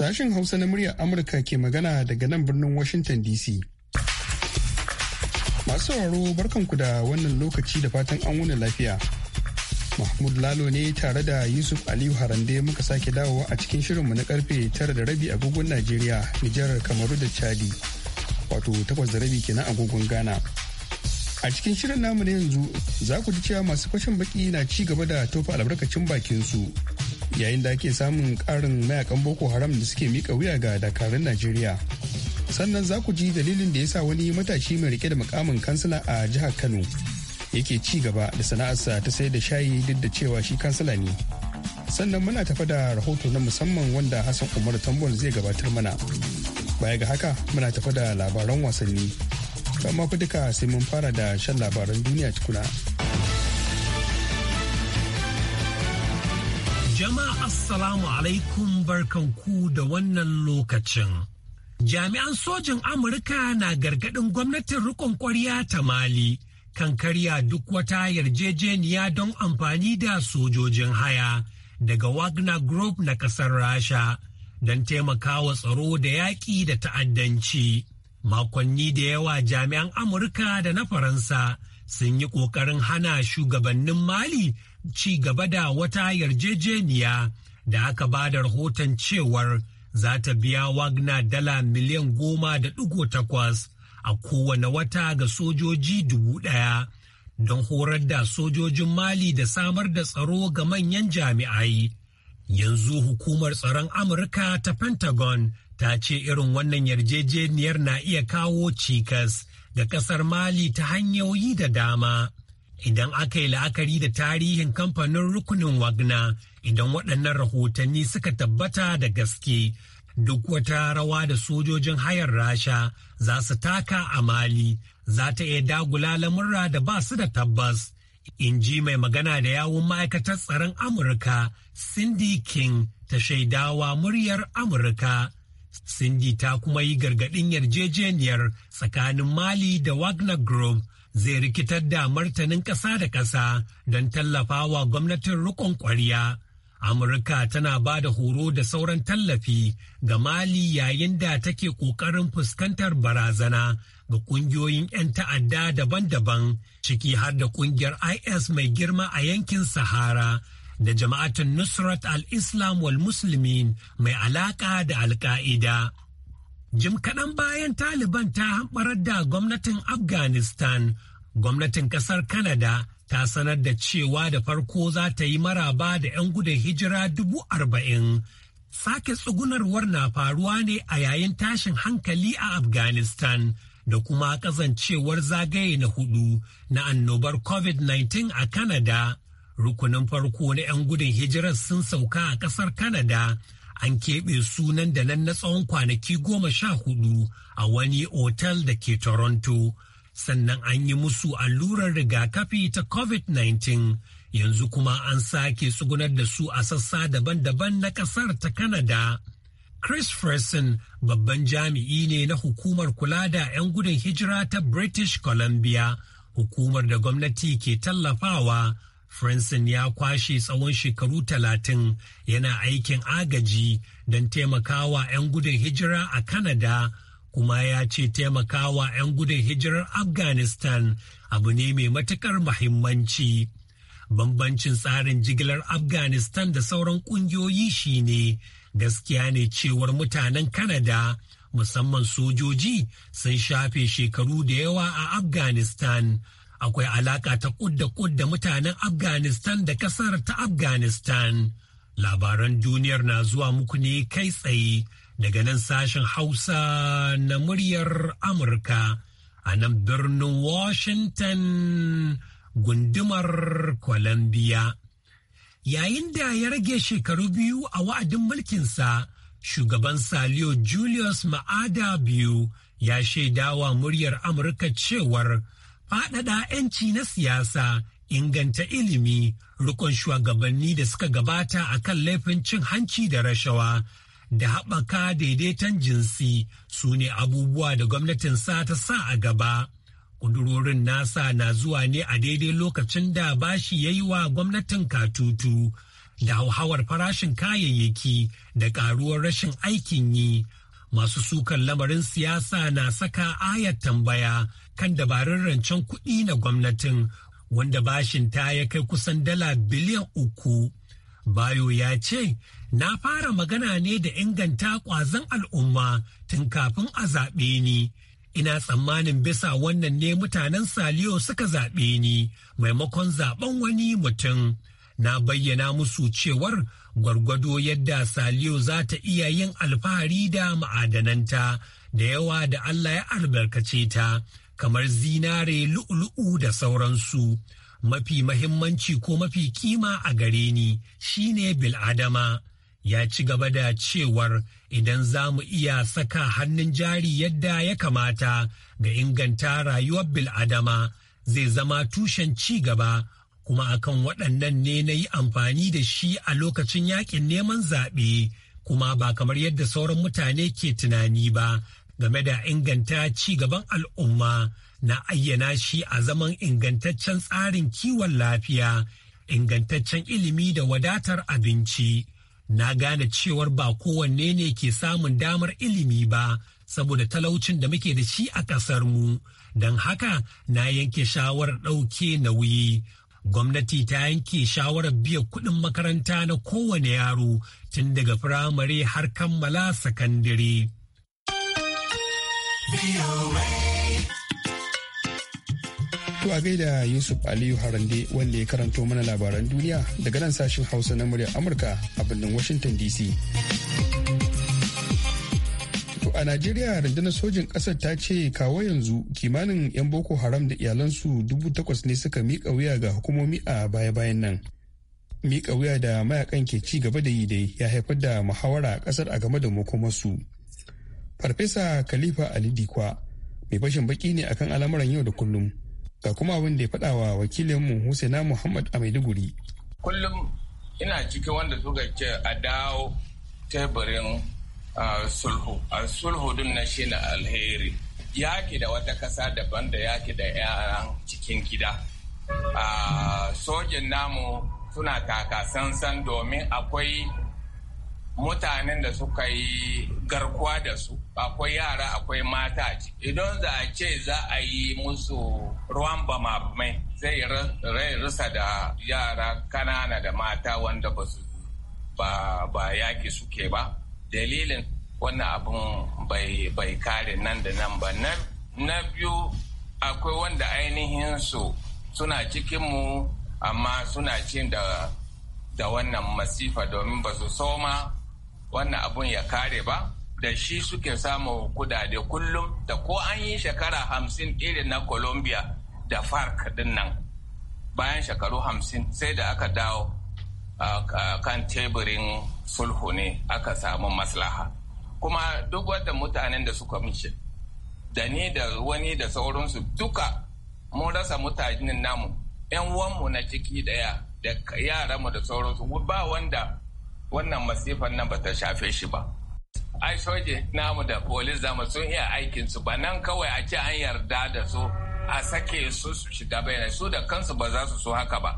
Sashen Hausa na muryar Amurka ke magana daga nan birnin Washington DC. Masu sauraro barkanku da wannan lokaci da fatan an wuni lafiya. Mahmud Lalo ne tare da Yusuf Aliyu Harande muka sake dawowa a cikin shirinmu na karfe tara da rabi agogon Najeriya, Nijar, Kamaru da Chadi. Wato takwas da rabi kenan agogon Ghana. A cikin shirin namu na yanzu za ku ji cewa masu fashin baki na ci gaba da tofa albarkacin bakin su yayin da ake samun karin mayakan boko haram da suke mika wuya ga dakarun najeriya sannan za ku ji dalilin da ya sa wani matashi mai rike da mukamin kansila a jihar kano yake ci gaba da sana'arsa ta sayar da shayi duk da cewa shi kansila ne sannan muna tafa da rahoto na musamman wanda hassan umar tambon zai gabatar mana baya ga haka muna tafa da labaran wasanni amma fa duka sai mun fara da shan labaran duniya tukuna. Jama'a Assalamu alaikum barkanku da wannan lokacin. Jami'an sojin Amurka na gargaɗin gwamnatin rikon ƙwarya ta Mali kan karya duk wata yarjejeniya don amfani da sojojin haya daga Wagner Group na ƙasar Rasha don taimakawa tsaro da yaƙi da ta'addanci. Makonni da yawa jami'an Amurka da na Faransa sun yi ƙoƙarin hana shugabannin Mali ci gaba da wata yarjejeniya da aka ba da rahoton cewar za ta biya Wagner dala miliyan goma da ɗigo takwas a kowane wata ga sojoji dubu ɗaya don horar da sojojin Mali da samar da tsaro ga manyan jami'ai. Yanzu hukumar tsaron Amurka ta Pentagon ta ce irin wannan yarjejeniyar na iya kawo cikas ga ƙasar Mali ta hanyoyi da dama. idan aka yi la'akari da tarihin kamfanin rukunin wagna idan waɗannan rahotanni suka tabbata da gaske duk wata rawa da sojojin hayar rasha za su taka a mali za ta iya dagula lamurra da ba su da tabbas in ji mai magana da yawun ma'aikatar tsaron amurka cindy king ta shaidawa muryar amurka cindy ta kuma yi gargaɗin yarjejeniyar tsakanin mali da wagner group zai rikitar da martanin ƙasa da ƙasa don tallafawa gwamnatin riƙon ƙwarya. Amurka tana ba da horo da sauran tallafi ga Mali yayin da take ƙoƙarin fuskantar barazana ga ƙungiyoyin 'yan ta'adda daban-daban ciki har da ƙungiyar IS mai girma a yankin Sahara da jama'atin Nusrat al-Islam wal Muslimin mai alaƙa da Al-Qa'ida. Jim kaɗan bayan Taliban ta hamɓarar da gwamnatin Afghanistan, gwamnatin ƙasar Canada ta sanar da cewa da farko za ta yi maraba da 'yan gudun hijira dubu arba'in. Sake tsugunarwar na faruwa ne a yayin tashin hankali a Afghanistan da kuma ƙazancewar zagaye na hudu na annobar COVID-19 a Canada. Rukunin farko na 'yan gudun hijirar sun sauka a ƙasar Canada. an keɓe sunan da nan na tsawon kwanaki goma sha hudu a wani otal da ke Toronto. Sannan an yi musu allurar rigakafi ta COVID-19 yanzu kuma an sake tsugunar da su a sassa daban-daban na ƙasar ta Canada. Chris Freson babban jami'i ne na hukumar kula da 'yan gudun hijira ta British Columbia, hukumar da gwamnati ke tallafawa Franson ya kwashe tsawon shekaru talatin yana aikin agaji don taimakawa 'yan gudun hijira a Canada kuma ya ce taimakawa 'yan gudun hijirar Afghanistan abu ne mai matukar mahimmanci. Bambancin tsarin jigilar Afghanistan da sauran ƙungiyoyi shine gaskiya ne cewar mutanen Canada musamman sojoji sun shafe shekaru da yawa a Afghanistan. akwai alaka ta ƙudda kudda mutanen afghanistan da kasar ta afghanistan labaran duniyar na zuwa muku ne kai tsaye daga nan sashen hausa na muryar amurka a nan birnin washington gundumar columbia yayin da ya rage shekaru biyu a wa'adin mulkinsa shugaban salio julius ma'ada biyu ya shaidawa muryar amurka cewar faɗaɗa 'yanci na siyasa inganta ilimi rukun shugabanni da suka gabata a kan laifin cin hanci da rashawa da haɓaka daidaiton jinsi su ne abubuwa da gwamnatin sa ta sa a gaba. Kudurorin nasa na zuwa ne a daidai lokacin da bashi ya yi wa gwamnatin katutu da hauhawar farashin kayayyaki da ƙaruwar rashin aikin yi masu sukan lamarin siyasa na saka ayar tambaya kan dabarun rancen kuɗi na gwamnatin wanda bashin ta ya kai kusan dala biliyan uku. Bayo ya ce, Na fara magana ne da inganta ƙwazan al'umma tun kafin a zaɓe ni. Ina tsammanin bisa wannan ne mutanen Saliyo suka zaɓe ni maimakon zaɓen wani mutum. na bayyana musu cewar gwargwado yadda saliyo za ta iya yin alfahari da ma'adananta da yawa da Allah ya albarkace ta kamar zinare lu'ulu'u da sauransu mafi mahimmanci ko mafi kima a gare ni shine bil'adama ya ci gaba da cewar idan za mu iya saka hannun jari yadda ya kamata ga inganta rayuwar bil'adama zai zama tushen ci gaba kuma akan waɗannan ne na yi amfani da shi a lokacin yakin neman zaɓe kuma ba kamar yadda sauran mutane ke tunani ba game da inganta ci gaban al'umma na ayyana shi a zaman ingantaccen tsarin kiwon lafiya ingantaccen ilimi da wadatar abinci na gane cewar ba kowanne ne ke samun damar ilimi ba saboda talaucin da muke da shi a mu, don haka na yanke shawarar ɗauke nauyi gwamnati ta yanke shawarar biyan kuɗin makaranta na kowane yaro tun daga firamare har kammala sakandare. To a gaida Yusuf Aliyu Harande wanda ya karanto mana labaran duniya daga nan sashin Hausa na muryar Amurka a birnin Washington DC. To a Najeriya rundunar sojin ƙasar ta ce kawo yanzu kimanin 'yan Boko Haram da iyalansu dubu takwas ne suka miƙa wuya ga hukumomi a baya-bayan nan. Miƙa wuya da mayakan ke ci gaba da yi dai ya haifar da muhawara a ƙasar a game da makomarsu. Farfesa Khalifa Ali Dikwa mai fashin baki ne akan al'amuran yau da kullum. Ga kuma abin da ya faɗa wa wakilinmu Husaina Muhammad a Maiduguri. Kullum ina cikin wanda suka ce a dawo teburin sulhu a sulhu din na shi na alheri yaki da wata kasa daban da yaki da yaran cikin gida sojin namu suna taka sansan domin akwai mutanen da suka yi garkuwa da su akwai yara akwai mata idan za a ce za a yi musu ruwan bama mai zai rasa da yara kanana da mata wanda ba su ba yaki suke ba dalilin wannan abin bai kare nan da nan ba na biyu akwai wanda ainihin su suna cikinmu amma suna cin da da wannan masifa domin ba su soma wannan abun ya kare ba da shi suke samun kudade kullum da ko an yi shekara hamsin irin na colombia da farc din nan bayan shekaru hamsin sai da aka dawo kan teburin sulhu ne aka samu maslaha kuma duk wadda mutanen da suka mishi da ni da wani da sauransu duka mun rasa mutanen namu yan uwanmu na ciki daya da yaranmu da sauransu ba wanda wannan masifan nan ba ta shafe shi ba ai soje namu da polis zamu sun iya aikinsu ba nan kawai a ce an yarda da su a sake su su shiga bayanai su da kansu ba za su so haka ba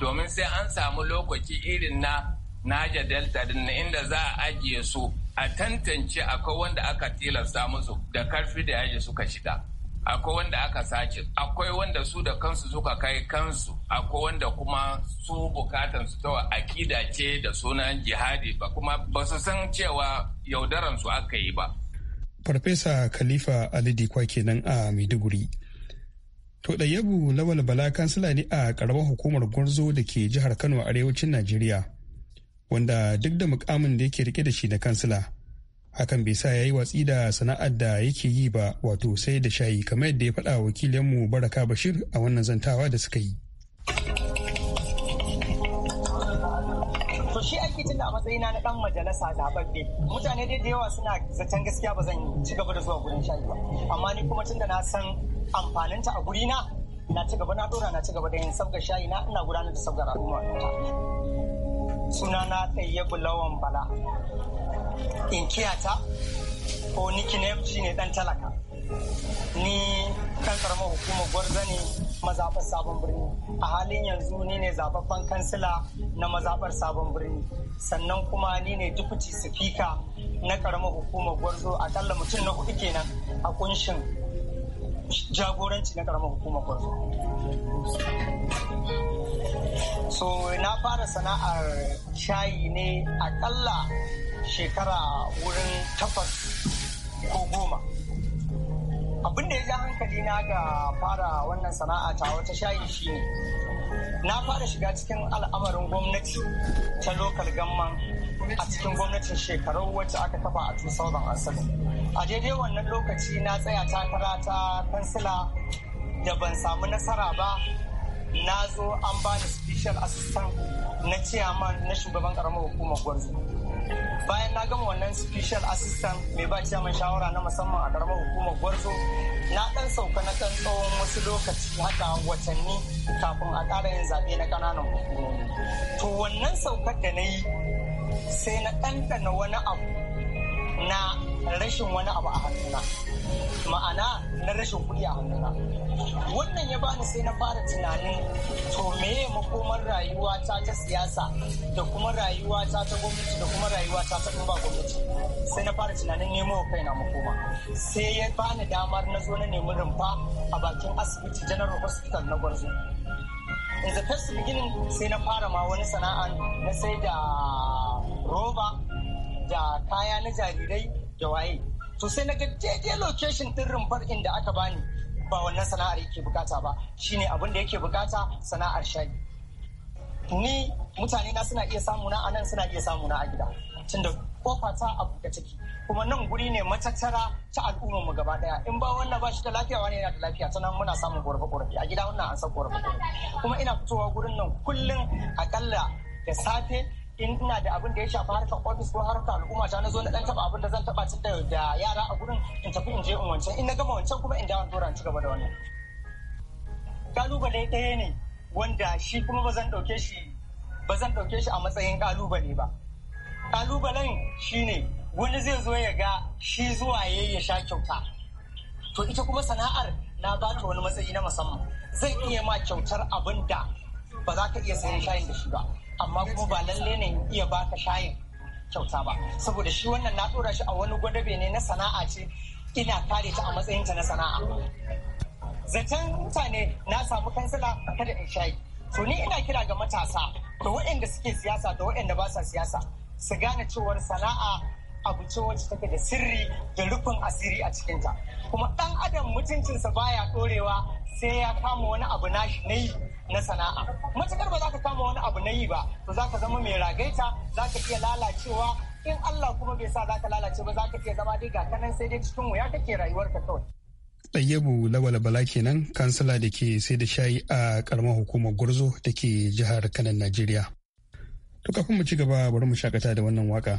domin sai an samu lokaci irin na naja delta din na inda za a ajiye su a tantance akwai wanda aka tilasta musu da karfi da yaji suka shiga akwai wanda aka sace akwai wanda su da kansu suka kai kansu akwai wanda kuma su bukatan su ta akida ce da sunan jihadi ba kuma ba su san cewa yaudaran su aka yi ba farfesa khalifa alidi kwa kenan a maiduguri To Ɗayyabu Lawal Bala kansila ne a ƙaramar hukumar Gwarzo da ke jihar Kano a arewacin Najeriya, wanda duk da mukamin da yake rike da shi na kansila, hakan bai sa ya yi watsi da sana'ar da yake yi ba wato sai da shayi kamar yadda ya faɗa wakilinmu Baraka Bashir a wannan zantawa da suka yi. shi ake tunda a matsayina na dan majalisa zababbe mutane dai da yawa suna zaton gaskiya ba zan ci gaba da zuwa gurin shayi ba amma ni kuma tunda na san amfaninta a gurina na ci gaba na dora na ci gaba da yin sabgar shayi na ina gudanar da sabgar al'umma sunana tsaye bulawan bala inkiyata ko nickname shine dan talaka ni kan karamar hukumar gwarza ne mazaɓar sabon birni a halin yanzu ni ne zababban kansila na mazaɓar sabon birni sannan kuma ni ne dukuti sifika na ƙaramin hukumar gwarzo akalla mutum na hudu kenan a kunshin jagoranci na ƙaramar hukumar gwarzo so na fara sana'ar shayi ne akalla shekara wurin takwas ko goma abin da ya ja hankali na ga fara wannan sana'a ta wata shayi shi ne. na fara shiga cikin al'amarin gwamnati ta lokal gamman a cikin gwamnatin shekarun wacce aka kafa a 2007 a daidai wannan lokaci na tsaya takara ta kansila da ban samu nasara ba na zo an bani special assistant na ciyaman na shugaban karamar hukumar gwarzo bayan na gama wannan special assistant mai ba ciyaman shawara na musamman a karamar hukumar gwarzo na dan sauka na dan tsawon wasu lokaci haka watanni kafin a ƙara yin zaɓe na ƙananan hukumomi to wannan saukar da na yi sai na ɗanɗana wani abu na rashin wani abu a hannuna na rashin kuɗi a hannuna wannan ya bani sai na fara tunanin to meye makomar rayuwa ta ta siyasa da kuma rayuwa ta ta gwamnati da kuma rayuwa ta ta ba gwamnati sai na fara tunanin nemo wa kaina makoma sai ya bani damar na zo na nemi rumfa a bakin asibiti general hospital na gwarzo in the first beginning sai na fara ma wani sana'a na sai da roba da kaya na jarirai da waye to sai na ga daidai location din rumfar inda aka bani ba wannan sana'ar yake bukata ba shine abin da yake bukata sana'ar shayi ni mutane na suna iya samu na anan suna iya samu na a gida tunda kofa ta a buɗe take kuma nan guri ne matattara ta al'ummar mu gaba daya in ba wannan ba shi da lafiya wani yana da lafiya Tana muna samun korafe korafe a gida wannan an san korafe kuma ina fitowa gurin nan kullum akalla da safe in ina da abin da ya shafi harkar ofis ko harkar al'umma ta na zo na dan taba abin da zan taba tun da yara a gurin in tafi in je in wancan in na gama wancan kuma in dawo tura ci gaba da wannan kalubale ɗaya ne wanda shi kuma ba zan ɗauke shi ba zan ɗauke shi a matsayin kalubale ba kalubalen ne wani zai zo ya ga shi zuwa ya ya sha kyauta to ita kuma sana'ar na ba ta wani matsayi na musamman zai iya ma kyautar abin da ba za ka iya sayan shayin da shi ba amma kuma ba lalle ne iya baka shayin kyauta ba saboda shi wannan na dora shi a wani gwadabe ne na sana'a ce ina kare ta a matsayin ta na sana'a zaton mutane na samu kansila kada in shayi to ni ina kira ga matasa da waɗanda suke siyasa da waɗanda ba sa siyasa su gane cewar sana'a abu ce wacce take da sirri da rufin asiri a cikinta kuma ɗan adam mutuncinsa baya dorewa sai ya kama wani abu nashi na yi na sana'a matukar ba za ka kama wani abu na yi ba to za ka zama mai ragaita za ka iya lalacewa in Allah kuma bai sa za ka lalace ba za ka iya zama dai ga kanan sai dai cikin wuya kake ka kawai Ɗayyabu Lawala Bala kenan kansila da ke sai da shayi a ƙaramar hukumar Gurzo da ke jihar Kanan Najeriya. To kafin mu ci gaba bari mu shakata da wannan waka.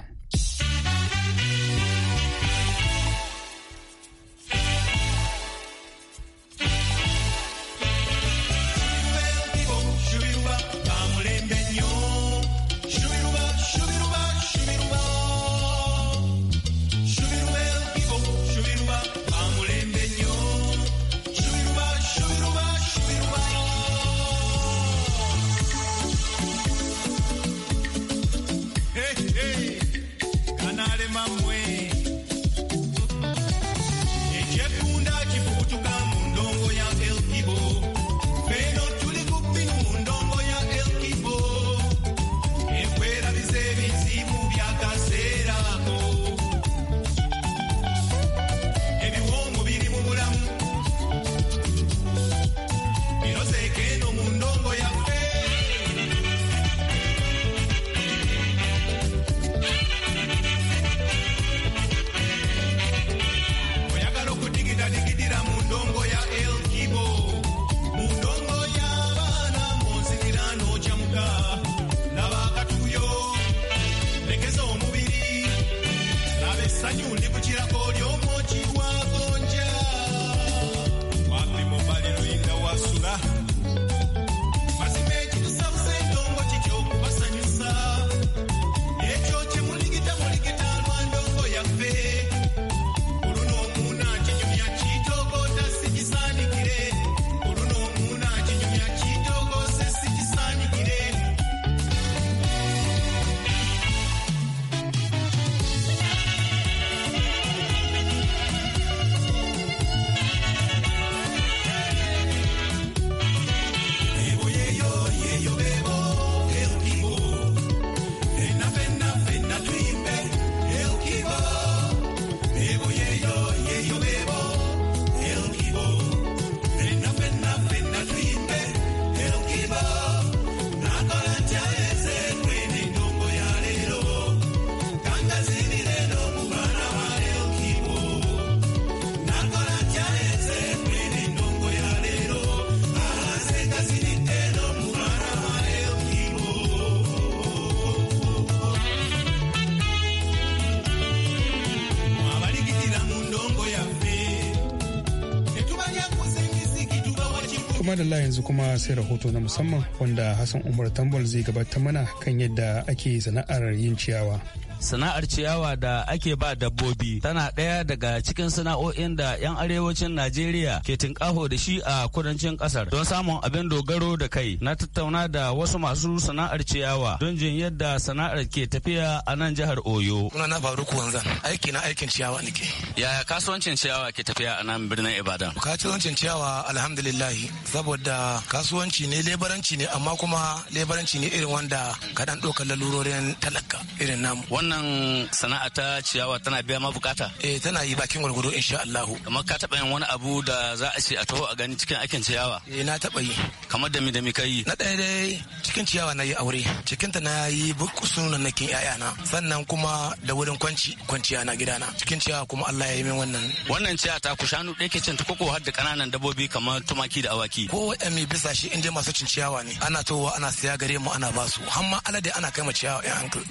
madalla yanzu kuma sai rahoto na musamman wanda Hassan Umar Tambol zai gabatar mana kan yadda ake sana'ar yin ciyawa. sana'ar ciyawa da ake ba dabbobi tana ɗaya daga cikin sana'o'in da 'yan arewacin najeriya ke tinkaho da shi a kudancin ƙasar don samun abin dogaro da kai na tattauna da wasu masu sana'ar ciyawa don jin yadda sana'ar ke tafiya a nan jihar oyo kuna na faruku wanzan aiki na aikin ciyawa nake yaya kasuwancin ciyawa ke tafiya a nan birnin ibadan kasuwancin ciyawa alhamdulillah saboda kasuwanci ne lebaranci ne amma kuma lebaranci ne irin wanda kaɗan ɗaukar lalurorin talaka irin namu wannan sana'a ta ciyawa tana biya ma bukata? Eh tana yi bakin gwargwado insha Allahu. Kamar ka taɓa yin wani abu da za a ce a taho a gani cikin aikin ciyawa? Eh na taɓa yi. Kamar da mi da mi ka yi? Na ɗaya dai cikin ciyawa na yi aure, cikin ta na yi sunan nakin ƴaƴana, sannan kuma da wurin kwanci kwanciya na gidana. Cikin ciyawa kuma Allah ya yi min wannan. Wannan ciyawa ta ku shanu ɗaya ke cinta koko har da ƙananan dabbobi kamar tumaki da awaki. Ko waɗanda mai bisa shi in je masu cin ciyawa ne. Ana towa ana siya gare mu ana basu. Hamma alade ana kai ma ciyawa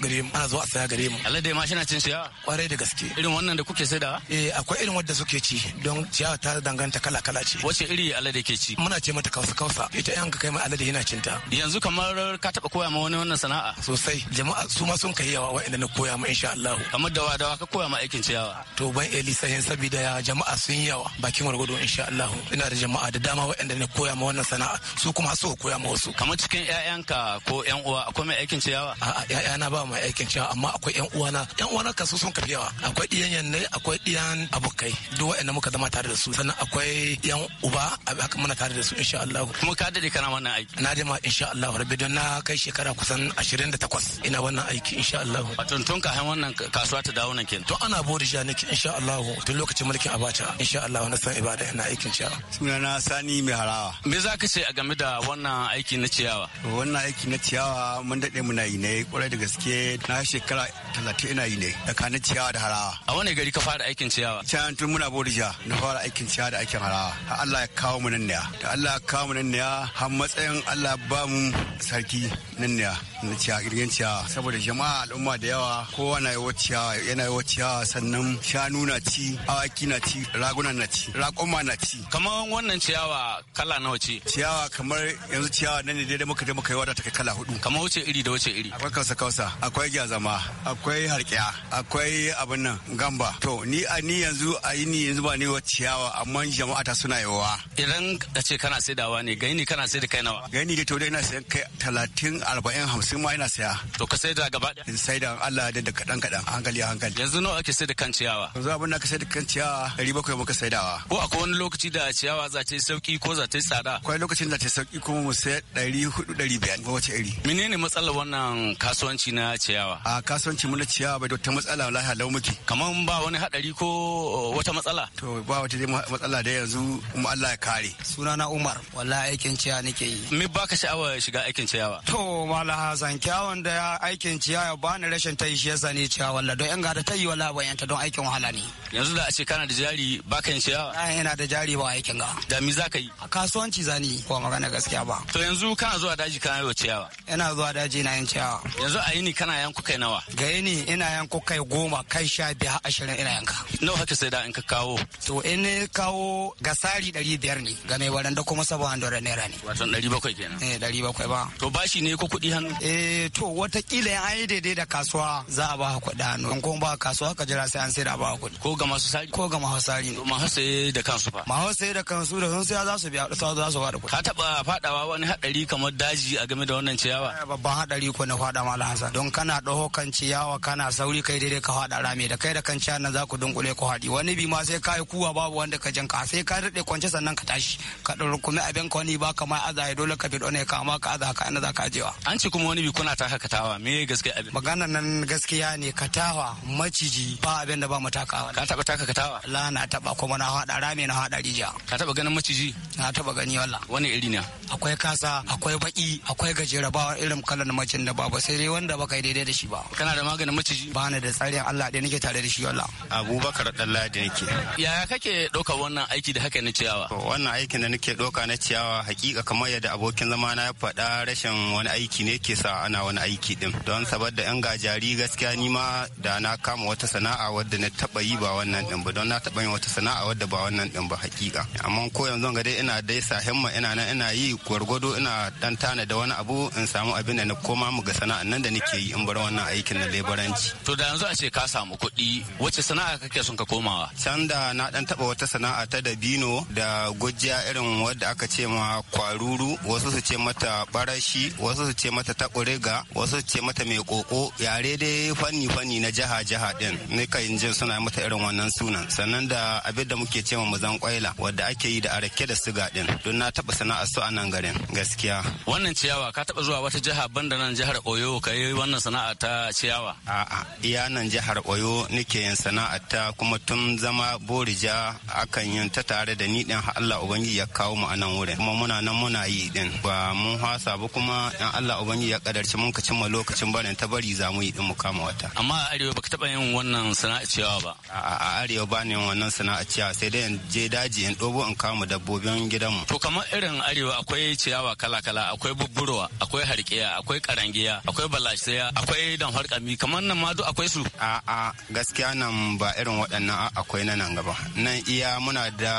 gare mu ana zuwa a siya gare gare mu alade ma shina cin ciyawa kwarai da gaske irin wannan da kuke da. eh akwai irin wadda suke ci don ciyawa ta danganta kala kala ce wace iri da ke ci muna ce mata kausa kausa ita yan ka kai ma da yana cinta yanzu kamar ka taba koya ma wani wannan sana'a sosai jama'a su ma sun kai yawa wa'anda na koya ma insha Allah kamar dawa dawa ka koya ma aikin ciyawa to ban elisa yin sabida jama'a sun yawa bakin wargwado insha Allah ina da jama'a da dama wa'anda na koya ma wannan sana'a su kuma su koya ma wasu kamar cikin ƴaƴanka ko ƴan uwa akwai mai aikin ciyawa a'a ƴaƴana ba mai aikin ciyawa amma akwai yan uwana yan uwana kasu sun kafi yawa akwai ɗiyan yanne akwai ɗiyan abokai duk waɗanda muka zama tare da su sannan akwai yan uba haka muna tare da su insha Allah kuma ka dade kana wannan aiki na dama insha Allah rabbi don na kai shekara kusan 28 ina wannan aiki insha Allah wato tun ka wannan kasuwa ta dawo nan kenan to ana bodija nake insha Allah tun lokacin mulkin Abacha insha Allah na san ibada ina aikin ciyawa sunana Sani mai harawa me zaka ce a game da wannan aiki na ciyawa wannan aiki na ciyawa mun dade muna yi ne kwarai da gaske na shekara talatin ina yi ne tsakanin ciyawa da harawa. A wani gari ka fara aikin ciyawa? Can tun muna Bodija na fara aikin ciyawa da aikin harawa. Ha Allah ya kawo mu nan ne. Da Allah ya kawo mu nan ne har matsayin Allah ba mu sarki nan ne. Na ciya girgin ciyawa saboda jama'a al'umma da yawa kowa na yi ciyawa yana yi ciyawa sannan shanu na ci awaki na ci raguna na ci raƙuma na ci. Kamar wannan ciyawa kala nawa ce? Ciyawa kamar yanzu ciyawa nan ne daidai muka je muka yi wada ta kala hudu. Kamar wace iri da wace iri? Akwai kausa kausa akwai gyazama akwai harkiya akwai abin nan gamba to ni a ni yanzu a yi ni yanzu ba ni wa ciyawa amma jama'a ta suna yawa idan ka ce kana saidawa ne gani kana sai da kai nawa gani da to dai ina sayan kai talatin arba'in hamsin ma ina saya to ka saida gaba ɗaya in saida Allah da da kaɗan kaɗan hankali hankali yanzu nawa ake saida kan ciyawa yanzu abin da ka saida kan ciyawa ɗari bakwai muka saidawa ko akwai wani lokaci da ciyawa za ta yi sauki ko za ta yi tsada akwai lokacin da ta yi sauki kuma mu saya ɗari hudu ɗari biyar ko wace iri menene matsalar wannan kasuwanci na ciyawa a kasuwanci mu na ciyawa bai da wata matsala lafiya lau muke kamar ba wani hadari ko uh, wata matsala to ba wata dai matsala da yanzu kuma Allah ya kare sunana Umar wallahi aikin ciyawa nake yi me baka sha'awa shiga aikin ciyawa to mala zan kyawun da aikin ciyawa ba ni rashin yi shi yasa ni ciyawa wallahi don in ga da yi wallahi ban yanta don aikin wahala ne yanzu da a ce kana da jari ka yin ciyawa ina da jari ba aikin ga da mi ka yi a kasuwanci zani Ko magana gaskiya ba to yanzu kana zuwa daji kana yi ciyawa ina zuwa daji na yin ciyawa yanzu a yini kana yanku kai nawa gaye ni ina yanko kai goma kai sha biyar ashirin ina yanka. Nawa haka sai da in ka kawo? To in ne kawo gasari ɗari biyar ne ga mai waranda kuma saba hundred naira ne. Wato ɗari bakwai kenan. Eh ɗari bakwai ba. To bashi ne ko kuɗi hannu? Eh to watakila an yi daidai da kasuwa za a ba ka kuɗi hannu. In kuma ba kasuwa ka jira sai an sai da ba kuɗi. Ko ga masu sari? Ko ga masu sari ne. Masu saye da kansu fa. Masu saye da kansu da sun saya za su biya za su faɗa kuɗi. Ka taɓa faɗawa wani haɗari kamar daji a game da wannan ciyawa? Babban haɗari ko na faɗa malam Hassan don kana ɗaho kan ciyawa wa kana sauri kai daidai ka haɗa rame da kai da kan ciyar nan za ku dunkule ku haɗi wani bi ma sai kai kuwa babu wanda ka janka sai ka daɗe kwance sannan ka tashi ka ɗurkumi abin ka wani ba kamar aza ya dole ka bi ɗone ka amma ka aza ka ina za ka ajewa. An ci kuma wani bi kuna taka katawa me gaskiya abin. Magana nan gaskiya ne katawa maciji ba abin da ba mu takawa. Ka taɓa taka katawa? La na taɓa kuma na haɗa rame na haɗa rija. Ka taɓa ganin maciji? Na taɓa gani walla. Wani iri ne? Akwai kasa akwai baki akwai gajera ba irin kalan macin da ba sai dai wanda baka daidai da shi ba. Kana da maganin maciji ba ni da tsarin Allah da nake tare da shi wala. Abubakar Dalladi nake yaya kake ɗauka wannan aiki da haka na ciyawa wannan aikin da nake ɗauka na ciyawa hakika kamar yadda abokin zama na ya faɗa rashin wani aiki ne ke sa ana wani aiki din don saboda yan gajari gaskiya ni ma da na kama wata sana'a wadda na taɓa yi ba wannan din ba don na taɓa yin wata sana'a wadda ba wannan din ba hakika amma ko yanzu ga dai ina dai sa himma ina nan ina yi gwargwado ina dan tana da wani abu in samu abin da na koma mu ga sana'a, nan da nake yi in bar wannan aikin na jagoranci to da yanzu a ce ka samu kuɗi wacce sana'a kake son ka komawa can da na dan taba wata sana'a ta dabino da gujiya irin wadda aka ce ma kwaruru wasu su ce mata barashi wasu su ce mata takuriga wasu su ce mata mai koko yare dai fanni fanni na jaha jaha din ne ka yin jin suna mata irin wannan sunan sannan da abin da muke ce ma zan kwaila wadda ake yi da arake da siga din don na taba sana'a su a nan garin gaskiya wannan ciyawa ka taba zuwa wata jiha banda nan jihar Oyo ka yi wannan sana'a ta ciyawa A'a, iya nan jihar Oyo nake yin sana'ata kuma tun zama Borija akan yin ta tare da ni din Allah Ubangiji ya kawo mu a nan wurin. Kuma muna nan muna yi din. Ba mun hasa ba kuma in Allah Ubangiji ya kadarci mun ka cimma lokacin barin ta bari za mu yi din mu kama wata. Amma a Arewa baka taba yin wannan sana'a ciyawa ba. A'a, a Arewa ba ne wannan sana'a ciyawa sai dai in je daji in dobo in kama dabbobin gidanmu. To kamar irin Arewa akwai ciyawa kala-kala, akwai bubburwa, akwai harkiya, akwai karangiya, akwai balashiya, akwai damfar kami kamar nan ma duk akwai su a'a gaskiya nan ba irin waɗannan akwai na nan gaba nan iya muna da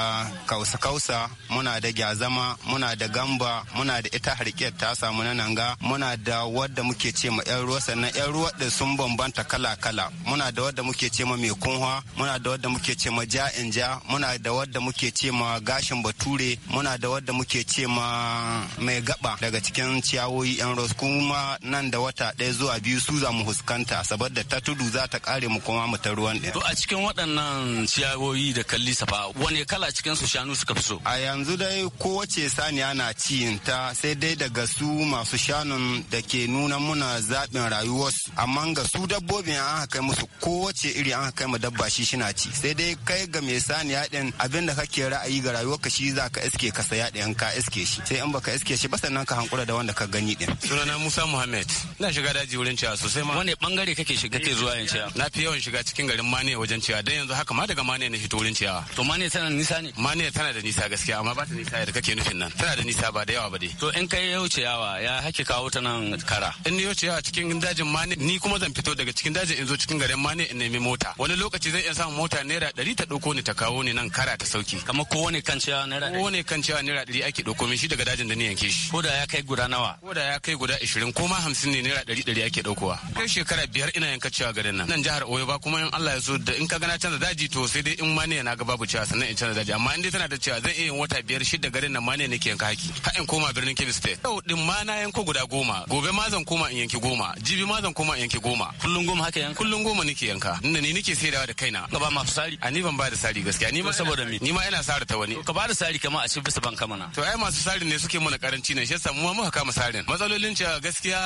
kausa kausa muna da gyazama muna da gamba muna da ita harkiyar ta samu na nan ga muna da wadda muke ce ma yan ruwa sannan yan ruwa din sun bambanta kala kala muna da wadda muke ce ma mai kunwa muna da wadda muke ce ma ja in ja muna da wadda muke ce ma gashin bature muna da wadda muke ce ma mai gaba daga cikin ciyawoyi yan kuma nan da wata ɗaya zuwa biyu su za mu huskanta ta asabar da ta tudu za ta kare mu kuma mu ta ruwan ɗin. To a cikin waɗannan ciyawoyi da kalli safa wane kala cikin su shanu suka fi so? A yanzu dai kowace saniya na ciyin ta sai dai daga su masu shanun da ke nuna muna zaɓin rayuwarsu amma ga su dabbobin an haka kai musu kowace iri an haka kai mu dabba shi na ci sai dai kai ga mai saniya ɗin abin da kake ra'ayi ga ka shi za ka iske ka saya ɗin ka iske shi sai in baka iske shi ba sannan ka hankura da wanda ka gani ɗin. Sunana Musa Muhammad. Ina shiga daji wurin ciya sosai ma. Wane bangare kake shiga kake zuwa yin ciya na fi yawan shiga cikin garin mane wajen ciya dan yanzu haka ma daga mane na fito wurin ciya to mane tana nisa ne mane tana da nisa gaskiya amma ba ta nisa yadda kake nufin nan tana da nisa ba da yawa ba dai to in kai yau ciyawa ya hake kawo ta nan kara in ni yau ciyawa cikin dajin mane ni kuma zan fito daga cikin dajin in zo cikin garin mane in nemi mota wani lokaci zan iya samun mota naira ɗari ta ɗauko ni ta kawo ni nan kara ta sauki kamar wani kan ciyawa naira ko wani kan ciyawa naira ɗari ake ɗauko min shi daga dajin da ni yanke shi ko da ya kai guda nawa ko da ya kai guda ashirin ko ma hamsin ne naira ɗari ɗari ake ɗaukowa kai shekara biyar ina yanka cewa garin nan nan jihar Oyo ba kuma in Allah ya so da in ka gana canza daji to sai dai in ma ne na ga babu cewa sannan in canza daji amma in dai tana da cewa zan iya yin wata biyar shida garin nan ma ne nake yanka haki har in koma birnin Kebbi State yau din ma na yanko guda goma gobe ma zan koma in yanki goma jibi ma zan koma in yanki goma Kullum goma haka yanka Kullum goma nake yanka inda ni nake saidawa da kaina ka ba ma sari a ni ban ba da sari gaskiya ni ma saboda me ni ma ina sara ta wani ka ba da sari kamar a ci bisa banka mana to ai masu sari ne suke mana karanci ne shi yasa mu ma muka kama sarin matsalolin cewa gaskiya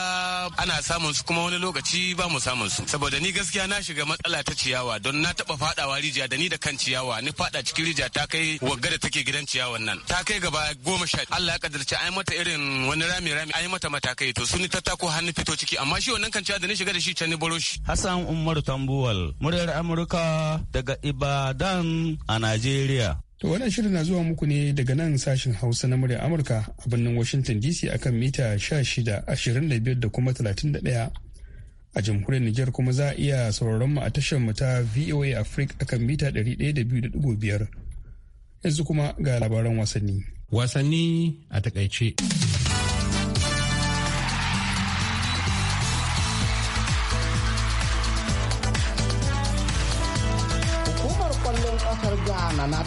ana samun su kuma wani lokaci ba mu samun su saboda ni gaskiya na shiga matsala ta ciyawa don na taba fadawa rijiya da ni da kan ciyawa ni fada cikin rijiya ta kai wagga da take gidan ciyawan nan ta kai gaba goma sha Allah ya kadarci ai mata irin wani rami rami ai mata matakai to sun ta tako hannu fito ciki amma shi wannan kan ciyawa da ni shiga da shi can ni baro Hassan Umar Tambuwal muryar Amurka daga Ibadan a Najeriya To wannan shirin na zuwa muku ne daga nan sashen Hausa na murya Amurka a birnin Washington DC akan mita 16, 25 da kuma 31. a jamhuriyar Nijar kuma za a iya sauraron mu a tashar mu ta VOA Africa akan mita da 102.5 yanzu kuma ga labaran wasanni wasanni a takaice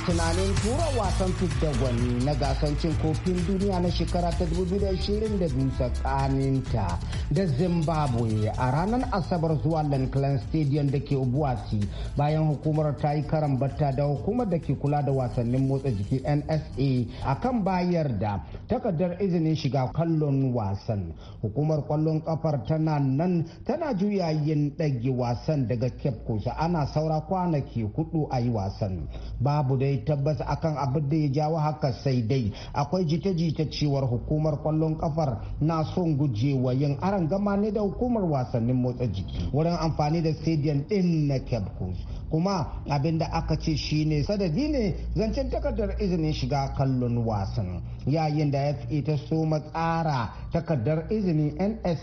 tunanin tura wasan fidda gwani na gasar cin kofin duniya na shekara ta 2022 tsakaninta da zimbabwe a ranar asabar zuwa Lankilan stadium da ke obuasi bayan hukumar ta yi karan batta da hukumar da ke kula da wasannin motsa jiki nsa a kan bayar da takardar izinin shiga kallon wasan hukumar kwallon kafar tana nan tana juyayin ɗage wasan daga cape ana saura kwanaki hudu a yi wasan babu dai dai tabbas akan abin da ya jawo haka sai dai akwai jita-jita cewar hukumar kwallon kafar na son gujewa yin aron gama ne da hukumar wasannin motsa jiki wurin amfani da stadium din na cape coast kuma abin da aka ce shi ne sadadi ne zancen takardar izinin shiga kallon wasan yayin da fa ta so matsara takardar izinin nsa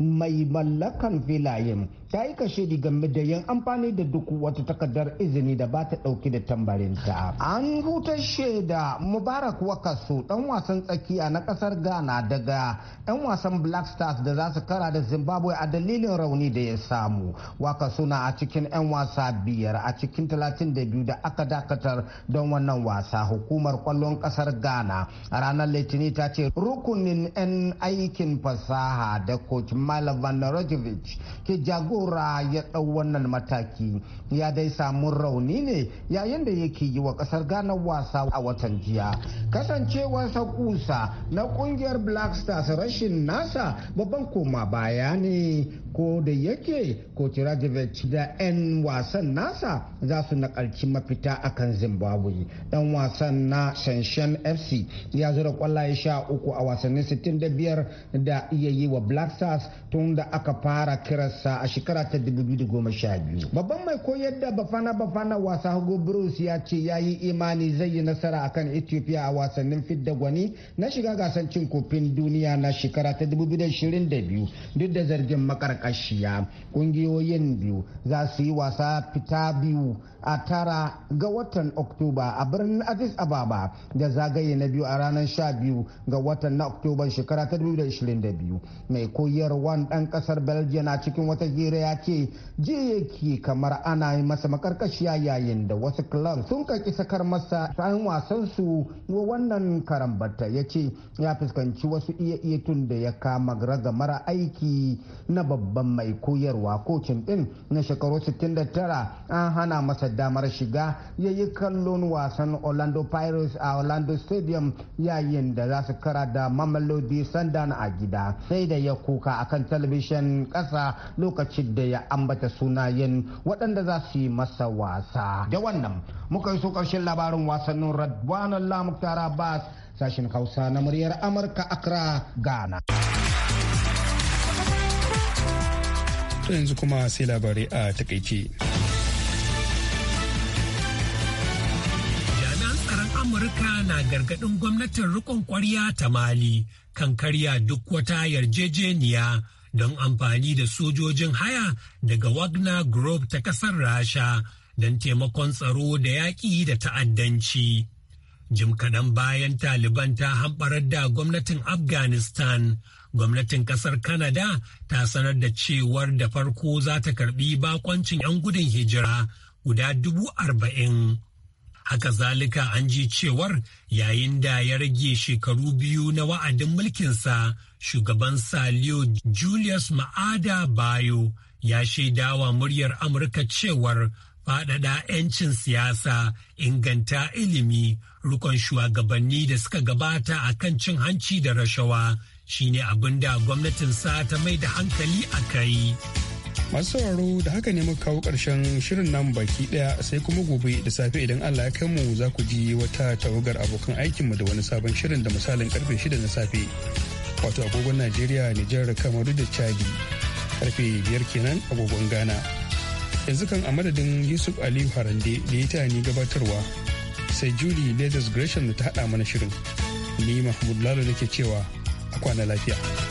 mai mallakan filayen ta yi kashe game da yin amfani da duk wata takardar izini da ba ta ɗauki da tambarinta an huta shaida mubarak wakasu ɗan wasan tsakiya na ƙasar ghana daga 'yan wasan black stars da za su kara da zimbabwe a dalilin rauni da ya samu wakasu na a cikin 'yan wasa biyar a cikin 32 da aka dakatar don wannan wasa hukumar kwallon kasar ghana a ranar litinin ta ce rukunin 'yan aikin fasaha da coach malavan Rojovic ke jagora ya ɗau wannan mataki ya dai samu rauni ne yayin da yake yi wa kasar ghana wasa a watan jiya kasancewarsa kusa na kungiyar black stars rashin nasa babban koma baya ne ko da yake kocirajevic da 'yan wasan nasa za su nakalci mafita a kan zimbabwe dan wasan na shanshan fc ya zura kwallaye sha uku a wasannin 65 da iya yi wa black stars tun da aka fara kirarsa a shekara ta 2012 babban mai koyar da bafana bafana wasa hugo bruce ya ce ya yi imani zai yi nasara akan ethiopia a wasannin fidda gwani na shiga gasar cin kofin duniya na shekara ta 2022 duk da zargin makar makarkashiya ƙungiyoyin biyu za su yi wasa fita biyu a tara ga watan oktoba a birnin addis ababa da zagaye na biyu a ranar sha biyu ga watan na oktoba shekara ta 2022 mai koyarwan dan kasar belgium na cikin wata hira ya ce jiya yake kamar ana yi masa makarkashiya yayin da wasu club sun kaki sakar masa ɗan wasan su wannan karambata ya ce ya fuskanci wasu iya iya tun da ya kama ragamar aiki na babban babban mai koyarwa kocin din na shekaru 69 an hana masa damar shiga ya yi kallon wasan orlando pirates a orlando stadium yayin da za su kara da mamelodi sandan a gida sai da ya kuka akan talabishin kasa lokacin da ya ambata sunayen waɗanda za su yi masa wasa da wannan muka yi so ƙarshen labarin wasannin radwanan lamuktar bas sashen hausa na muryar amurka accra ghana yanzu kuma sai labarai a takaice. Jami'an tsaron Amurka na gargaɗin gwamnatin rikon kwarya ta Mali kan karya duk wata yarjejeniya don amfani da sojojin haya daga Wagner Group ta ƙasar Rasha don taimakon tsaro da yaƙi da ta'addanci. Jim kaɗan bayan Taliban ta hamɓarar da gwamnatin Afghanistan. gwamnatin kasar Canada ta sanar da cewar da farko za ta karbi bakoncin 'yan gudun hijira guda dubu arba'in. Haka zalika an ji cewar yayin da ya rage shekaru biyu na wa'adin mulkinsa shugaban Saliyo Julius Ma'ada Bayo ya shaidawa muryar Amurka cewar faɗaɗa 'yancin siyasa inganta ilimi rukon shugabanni da suka gabata a kan cin hanci da rashawa shine abin da gwamnatin sa ta mai da hankali a kai. masu sauraro da haka ne muka kawo ƙarshen shirin nan baki ɗaya sai kuma gobe da safe idan allah ya kai mu za ku ji wata tawagar abokan aikinmu da wani sabon shirin da misalin karfe shida na safe wato agogon najeriya nijar kamaru da chadi karfe biyar kenan agogon ghana yanzu kan a madadin yusuf aliyu harande da ya ta ni gabatarwa sai julie leathers gresham da ta haɗa mana shirin ni mahmud lalo nake cewa kwana lafiya.